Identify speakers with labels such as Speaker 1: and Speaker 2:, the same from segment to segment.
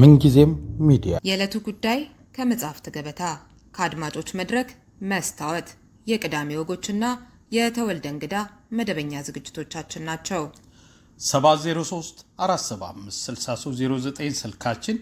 Speaker 1: ምንጊዜም ሚዲያ
Speaker 2: የዕለቱ ጉዳይ ከመጽሐፍት ገበታ ከአድማጮች መድረክ መስታወት የቅዳሜ ወጎችና የተወልደ እንግዳ መደበኛ ዝግጅቶቻችን ናቸው።
Speaker 1: 7034756309 ስልካችን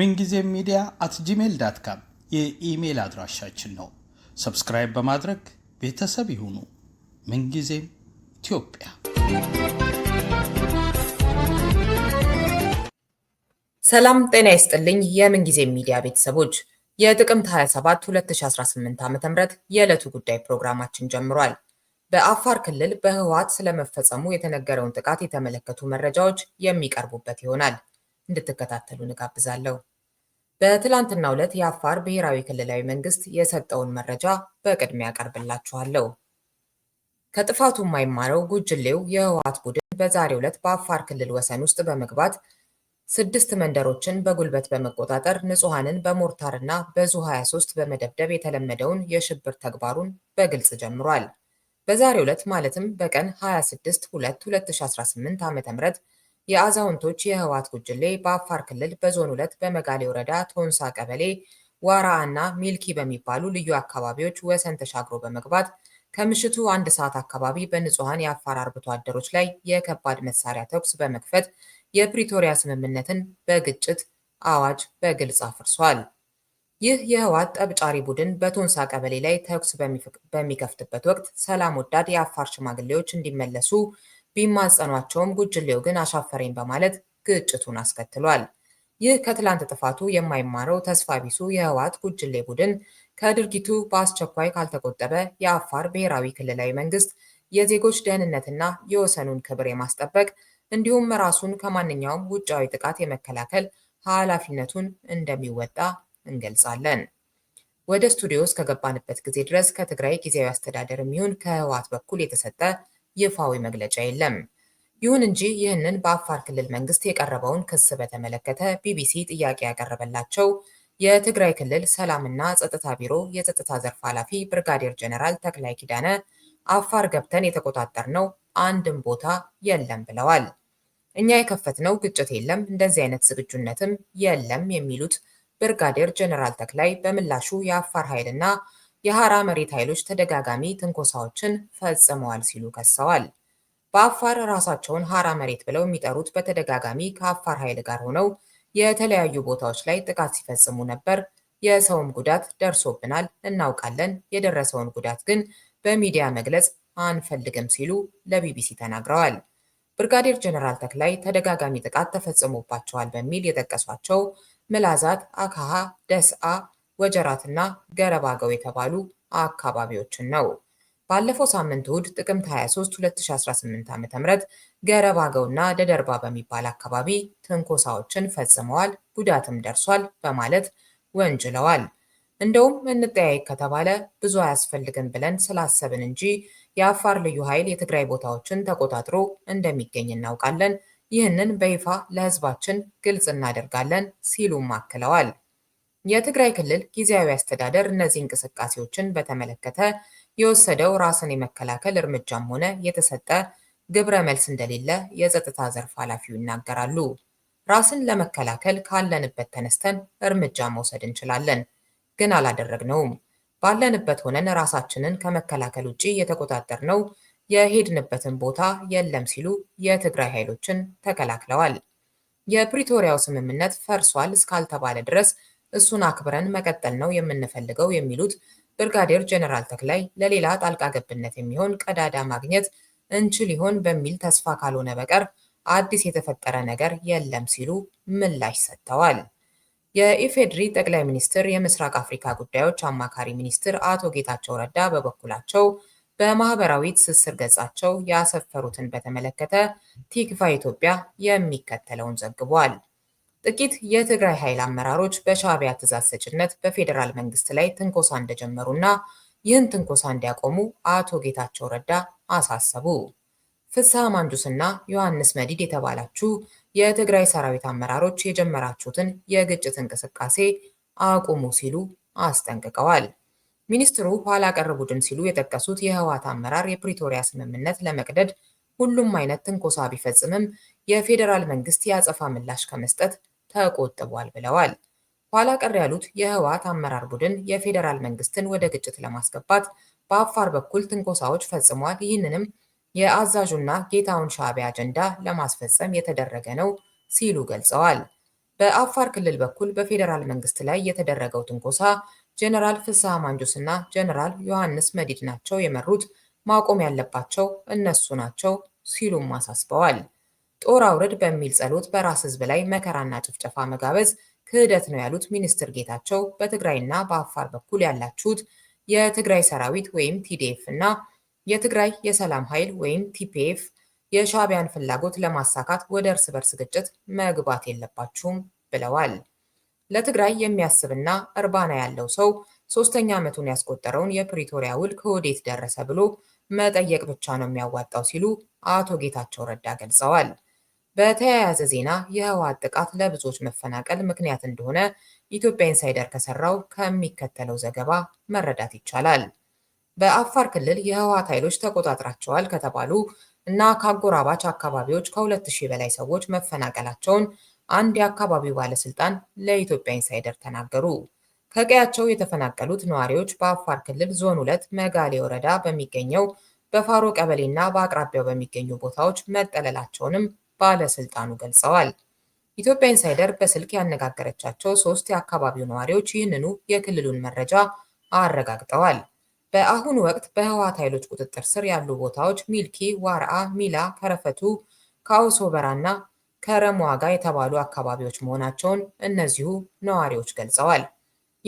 Speaker 1: ምንጊዜም ሚዲያ አት ጂሜል ዳት ካም የኢሜይል አድራሻችን ነው። ሰብስክራይብ በማድረግ ቤተሰብ ይሁኑ። ምንጊዜም ኢትዮጵያ
Speaker 2: ሰላም ጤና ይስጥልኝ። የምንጊዜ ሚዲያ ቤተሰቦች የጥቅምት 27 2018 ዓ.ም የዕለቱ ጉዳይ ፕሮግራማችን ጀምሯል። በአፋር ክልል በህወሓት ስለመፈጸሙ የተነገረውን ጥቃት የተመለከቱ መረጃዎች የሚቀርቡበት ይሆናል። እንድትከታተሉ እንጋብዛለሁ። በትላንትናው ዕለት የአፋር ብሔራዊ ክልላዊ መንግስት የሰጠውን መረጃ በቅድሚያ ያቀርብላችኋለሁ። ከጥፋቱ የማይማረው ጉጅሌው የህወሓት ቡድን በዛሬው ዕለት በአፋር ክልል ወሰን ውስጥ በመግባት ስድስት መንደሮችን በጉልበት በመቆጣጠር ንጹሐንን በሞርታርና በዙ 23 በመደብደብ የተለመደውን የሽብር ተግባሩን በግልጽ ጀምሯል። በዛሬው ዕለት ማለትም በቀን 26 2 2018 ዓ.ም የአዛውንቶች የህወሓት ጉጅሌ በአፋር ክልል በዞን ሁለት በመጋሌ ወረዳ ቶንሳ ቀበሌ ዋራ እና ሚልኪ በሚባሉ ልዩ አካባቢዎች ወሰን ተሻግሮ በመግባት ከምሽቱ አንድ ሰዓት አካባቢ በንጹሐን የአፋር አርብቶ አደሮች ላይ የከባድ መሳሪያ ተኩስ በመክፈት የፕሪቶሪያ ስምምነትን በግጭት አዋጅ በግልጽ አፍርሷል። ይህ የህወሓት ጠብጫሪ ቡድን በቱንሳ ቀበሌ ላይ ተኩስ በሚከፍትበት ወቅት ሰላም ወዳድ የአፋር ሽማግሌዎች እንዲመለሱ ቢማጸኗቸውም ጉጅሌው ግን አሻፈረኝ በማለት ግጭቱን አስከትሏል። ይህ ከትላንት ጥፋቱ የማይማረው ተስፋ ቢሱ የህወሓት ጉጅሌ ቡድን ከድርጊቱ በአስቸኳይ ካልተቆጠበ የአፋር ብሔራዊ ክልላዊ መንግስት የዜጎች ደህንነትና የወሰኑን ክብር የማስጠበቅ እንዲሁም ራሱን ከማንኛውም ውጫዊ ጥቃት የመከላከል ኃላፊነቱን እንደሚወጣ እንገልጻለን። ወደ ስቱዲዮ እስከገባንበት ጊዜ ድረስ ከትግራይ ጊዜያዊ አስተዳደር የሚሆን ከህወሓት በኩል የተሰጠ ይፋዊ መግለጫ የለም። ይሁን እንጂ ይህንን በአፋር ክልል መንግስት የቀረበውን ክስ በተመለከተ ቢቢሲ ጥያቄ ያቀረበላቸው የትግራይ ክልል ሰላምና ጸጥታ ቢሮ የጸጥታ ዘርፍ ኃላፊ ብርጋዴር ጀነራል ተክላይ ኪዳነ አፋር ገብተን ነው። አንድም ቦታ የለም ብለዋል። እኛ የከፈትነው ግጭት የለም፣ እንደዚህ አይነት ዝግጁነትም የለም የሚሉት ብርጋዴር ጀነራል ተክላይ በምላሹ የአፋር ኃይልና የሐራ መሬት ኃይሎች ተደጋጋሚ ትንኮሳዎችን ፈጽመዋል ሲሉ ከሰዋል። በአፋር ራሳቸውን ሐራ መሬት ብለው የሚጠሩት በተደጋጋሚ ከአፋር ኃይል ጋር ሆነው የተለያዩ ቦታዎች ላይ ጥቃት ሲፈጽሙ ነበር። የሰውም ጉዳት ደርሶብናል፣ እናውቃለን። የደረሰውን ጉዳት ግን በሚዲያ መግለጽ አንፈልግም ሲሉ ለቢቢሲ ተናግረዋል። ብርጋዴር ጀነራል ተክላይ ተደጋጋሚ ጥቃት ተፈጽሞባቸዋል በሚል የጠቀሷቸው ምላዛት፣ አካሃ፣ ደስአ፣ ወጀራትና ገረባገው የተባሉ አካባቢዎችን ነው። ባለፈው ሳምንት እሁድ ጥቅምት 23 2018 ዓ.ም ገረባገውና ደደርባ በሚባል አካባቢ ትንኮሳዎችን ፈጽመዋል፣ ጉዳትም ደርሷል በማለት ወንጅለዋል። እንደውም እንጠያይ ከተባለ ብዙ አያስፈልግም ብለን ስላሰብን እንጂ የአፋር ልዩ ኃይል የትግራይ ቦታዎችን ተቆጣጥሮ እንደሚገኝ እናውቃለን። ይህንን በይፋ ለህዝባችን ግልጽ እናደርጋለን ሲሉም አክለዋል። የትግራይ ክልል ጊዜያዊ አስተዳደር እነዚህ እንቅስቃሴዎችን በተመለከተ የወሰደው ራስን የመከላከል እርምጃም ሆነ የተሰጠ ግብረ መልስ እንደሌለ የጸጥታ ዘርፍ ኃላፊው ይናገራሉ። ራስን ለመከላከል ካለንበት ተነስተን እርምጃ መውሰድ እንችላለን። ግን አላደረግነውም። ባለንበት ሆነን ራሳችንን ከመከላከል ውጪ ነው የሄድንበትን ቦታ የለም ሲሉ የትግራይ ኃይሎችን ተከላክለዋል። የፕሪቶሪያው ስምምነት ፈርሷል እስካልተባለ ድረስ እሱን አክብረን መቀጠል ነው የምንፈልገው የሚሉት ብርጋዴር ጀኔራል ተክላይ ለሌላ ጣልቃ ገብነት የሚሆን ቀዳዳ ማግኘት እንችል ይሆን በሚል ተስፋ ካልሆነ በቀር አዲስ የተፈጠረ ነገር የለም ሲሉ ምላሽ ሰጥተዋል። የኢፌዴሪ ጠቅላይ ሚኒስትር የምስራቅ አፍሪካ ጉዳዮች አማካሪ ሚኒስትር አቶ ጌታቸው ረዳ በበኩላቸው በማህበራዊ ትስስር ገጻቸው ያሰፈሩትን በተመለከተ ቲክቫ ኢትዮጵያ የሚከተለውን ዘግቧል። ጥቂት የትግራይ ኃይል አመራሮች በሻዕቢያ ትእዛዝ ሰጭነት በፌዴራል መንግስት ላይ ትንኮሳ እንደጀመሩና ይህን ትንኮሳ እንዲያቆሙ አቶ ጌታቸው ረዳ አሳሰቡ። ፍስሐ ማንጁስና ዮሐንስ መዲድ የተባላችሁ የትግራይ ሰራዊት አመራሮች የጀመራችሁትን የግጭት እንቅስቃሴ አቁሙ ሲሉ አስጠንቅቀዋል። ሚኒስትሩ ኋላ ቀር ቡድን ሲሉ የጠቀሱት የህወሓት አመራር የፕሪቶሪያ ስምምነት ለመቅደድ ሁሉም አይነት ትንኮሳ ቢፈጽምም የፌዴራል መንግስት የአጸፋ ምላሽ ከመስጠት ተቆጥቧል ብለዋል። ኋላ ቀር ያሉት የህወሓት አመራር ቡድን የፌዴራል መንግስትን ወደ ግጭት ለማስገባት በአፋር በኩል ትንኮሳዎች ፈጽሟል፣ ይህንንም የአዛዡና ጌታውን ሻዕቢያ አጀንዳ ለማስፈጸም የተደረገ ነው ሲሉ ገልጸዋል። በአፋር ክልል በኩል በፌዴራል መንግስት ላይ የተደረገው ትንኮሳ ጀነራል ፍስሐ ማንጁስና ጀነራል ዮሐንስ መዲድ ናቸው የመሩት፣ ማቆም ያለባቸው እነሱ ናቸው ሲሉም አሳስበዋል። ጦር አውርድ በሚል ጸሎት በራስ ህዝብ ላይ መከራና ጭፍጨፋ መጋበዝ ክህደት ነው ያሉት ሚኒስትር ጌታቸው በትግራይና በአፋር በኩል ያላችሁት የትግራይ ሰራዊት ወይም ቲዲኤፍ እና የትግራይ የሰላም ኃይል ወይም ቲፒኤፍ የሻዕቢያን ፍላጎት ለማሳካት ወደ እርስ በርስ ግጭት መግባት የለባችሁም ብለዋል። ለትግራይ የሚያስብና እርባና ያለው ሰው ሶስተኛ ዓመቱን ያስቆጠረውን የፕሪቶሪያ ውል ከወዴት ደረሰ ብሎ መጠየቅ ብቻ ነው የሚያዋጣው ሲሉ አቶ ጌታቸው ረዳ ገልጸዋል። በተያያዘ ዜና የህወሓት ጥቃት ለብዙዎች መፈናቀል ምክንያት እንደሆነ ኢትዮጵያ ኢንሳይደር ከሰራው ከሚከተለው ዘገባ መረዳት ይቻላል። በአፋር ክልል የህወሓት ኃይሎች ተቆጣጥራቸዋል ከተባሉ እና ከአጎራባች አካባቢዎች ከሁለት ሺህ በላይ ሰዎች መፈናቀላቸውን አንድ የአካባቢው ባለስልጣን ለኢትዮጵያ ኢንሳይደር ተናገሩ። ከቀያቸው የተፈናቀሉት ነዋሪዎች በአፋር ክልል ዞን ሁለት መጋሌ ወረዳ በሚገኘው በፋሮ ቀበሌ እና በአቅራቢያው በሚገኙ ቦታዎች መጠለላቸውንም ባለስልጣኑ ገልጸዋል። ኢትዮጵያ ኢንሳይደር በስልክ ያነጋገረቻቸው ሶስት የአካባቢው ነዋሪዎች ይህንኑ የክልሉን መረጃ አረጋግጠዋል። በአሁኑ ወቅት በህወሓት ኃይሎች ቁጥጥር ስር ያሉ ቦታዎች ሚልኪ፣ ዋርዓ፣ ሚላ፣ ከረፈቱ፣ ከአውሶበራ እና ዋጋ የተባሉ አካባቢዎች መሆናቸውን እነዚሁ ነዋሪዎች ገልጸዋል።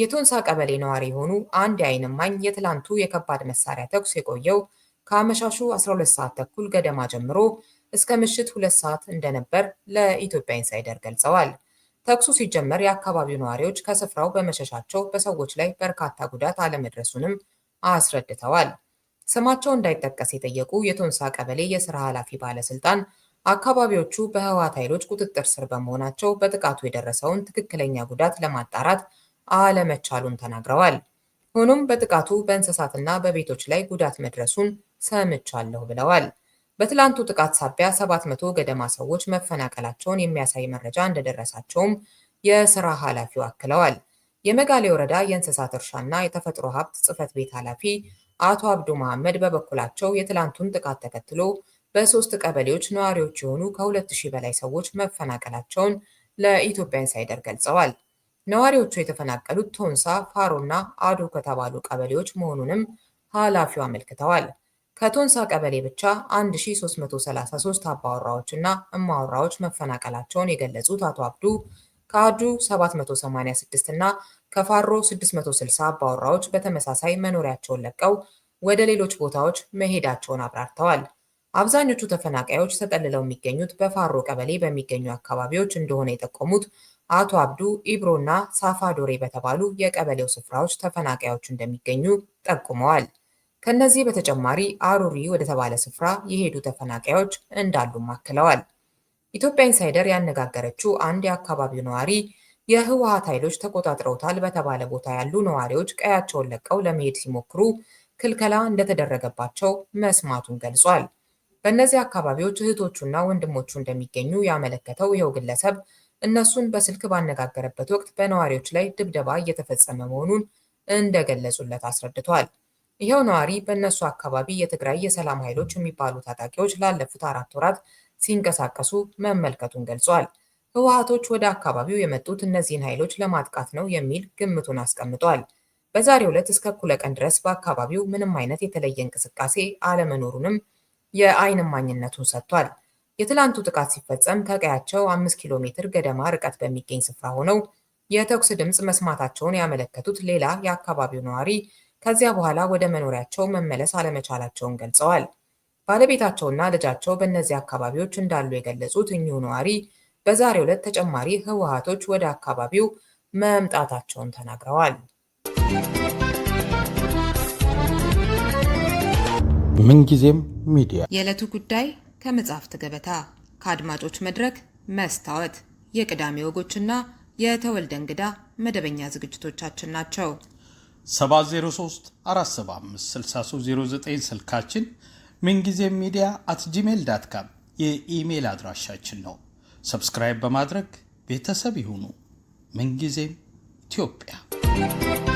Speaker 2: የቶንሳ ቀበሌ ነዋሪ የሆኑ አንድ የአይን እማኝ የትላንቱ የከባድ መሳሪያ ተኩስ የቆየው ከአመሻሹ 12 ሰዓት ተኩል ገደማ ጀምሮ እስከ ምሽት ሁለት ሰዓት እንደነበር ለኢትዮጵያ ኢንሳይደር ገልጸዋል። ተኩሱ ሲጀመር የአካባቢው ነዋሪዎች ከስፍራው በመሸሻቸው በሰዎች ላይ በርካታ ጉዳት አለመድረሱንም አስረድተዋል። ስማቸው እንዳይጠቀስ የጠየቁ የቶንሳ ቀበሌ የስራ ኃላፊ ባለስልጣን አካባቢዎቹ በህወሓት ኃይሎች ቁጥጥር ስር በመሆናቸው በጥቃቱ የደረሰውን ትክክለኛ ጉዳት ለማጣራት አለመቻሉን ተናግረዋል። ሆኖም በጥቃቱ በእንስሳትና በቤቶች ላይ ጉዳት መድረሱን ሰምቻለሁ ብለዋል። በትላንቱ ጥቃት ሳቢያ 700 ገደማ ሰዎች መፈናቀላቸውን የሚያሳይ መረጃ እንደደረሳቸውም የስራ ኃላፊው አክለዋል። የመጋሌ ወረዳ የእንስሳት እርሻና የተፈጥሮ ሀብት ጽሕፈት ቤት ኃላፊ አቶ አብዱ መሐመድ በበኩላቸው የትላንቱን ጥቃት ተከትሎ በሶስት ቀበሌዎች ነዋሪዎች የሆኑ ከሁለት ሺህ በላይ ሰዎች መፈናቀላቸውን ለኢትዮጵያ ኢንሳይደር ገልጸዋል። ነዋሪዎቹ የተፈናቀሉት ቶንሳ፣ ፋሮ እና አዶ ከተባሉ ቀበሌዎች መሆኑንም ኃላፊው አመልክተዋል። ከቶንሳ ቀበሌ ብቻ 1333 አባወራዎች እና እማወራዎች መፈናቀላቸውን የገለጹት አቶ አብዱ ከአዱ 786 እና ከፋሮ 660 አባወራዎች በተመሳሳይ መኖሪያቸውን ለቀው ወደ ሌሎች ቦታዎች መሄዳቸውን አብራርተዋል። አብዛኞቹ ተፈናቃዮች ተጠልለው የሚገኙት በፋሮ ቀበሌ በሚገኙ አካባቢዎች እንደሆነ የጠቆሙት አቶ አብዱ ኢብሮና ሳፋ ዶሬ በተባሉ የቀበሌው ስፍራዎች ተፈናቃዮች እንደሚገኙ ጠቁመዋል። ከነዚህ በተጨማሪ አሩሪ ወደተባለ ስፍራ የሄዱ ተፈናቃዮች እንዳሉም አክለዋል። ኢትዮጵያ ኢንሳይደር ያነጋገረችው አንድ የአካባቢው ነዋሪ የህወሓት ኃይሎች ተቆጣጥረውታል በተባለ ቦታ ያሉ ነዋሪዎች ቀያቸውን ለቀው ለመሄድ ሲሞክሩ ክልከላ እንደተደረገባቸው መስማቱን ገልጿል። በእነዚህ አካባቢዎች እህቶቹና ወንድሞቹ እንደሚገኙ ያመለከተው ይኸው ግለሰብ እነሱን በስልክ ባነጋገረበት ወቅት በነዋሪዎች ላይ ድብደባ እየተፈጸመ መሆኑን እንደገለጹለት አስረድቷል። ይኸው ነዋሪ በእነሱ አካባቢ የትግራይ የሰላም ኃይሎች የሚባሉ ታጣቂዎች ላለፉት አራት ወራት ሲንቀሳቀሱ መመልከቱን ገልጿል። ህወሓቶች ወደ አካባቢው የመጡት እነዚህን ኃይሎች ለማጥቃት ነው የሚል ግምቱን አስቀምጧል። በዛሬው ዕለት እስከ እኩለ ቀን ድረስ በአካባቢው ምንም አይነት የተለየ እንቅስቃሴ አለመኖሩንም የአይን እማኝነቱን ሰጥቷል። የትላንቱ ጥቃት ሲፈጸም ከቀያቸው አምስት ኪሎ ሜትር ገደማ ርቀት በሚገኝ ስፍራ ሆነው የተኩስ ድምፅ መስማታቸውን ያመለከቱት ሌላ የአካባቢው ነዋሪ ከዚያ በኋላ ወደ መኖሪያቸው መመለስ አለመቻላቸውን ገልጸዋል። ባለቤታቸውና ልጃቸው በእነዚህ አካባቢዎች እንዳሉ የገለጹት እኚሁ ነዋሪ በዛሬው ዕለት ተጨማሪ ህወሓቶች ወደ አካባቢው መምጣታቸውን ተናግረዋል።
Speaker 1: ምንጊዜም ሚዲያ
Speaker 2: የዕለቱ ጉዳይ ከመጽሐፍት ገበታ፣ ከአድማጮች መድረክ፣ መስታወት፣ የቅዳሜ ወጎችና የተወልደ እንግዳ መደበኛ ዝግጅቶቻችን ናቸው።
Speaker 1: 703 475 6309 ስልካችን ምንጊዜም ሚዲያ አት ጂሜል ዳት ካም የኢሜይል አድራሻችን ነው። ሰብስክራይብ በማድረግ ቤተሰብ ይሁኑ። ምንጊዜም ኢትዮጵያ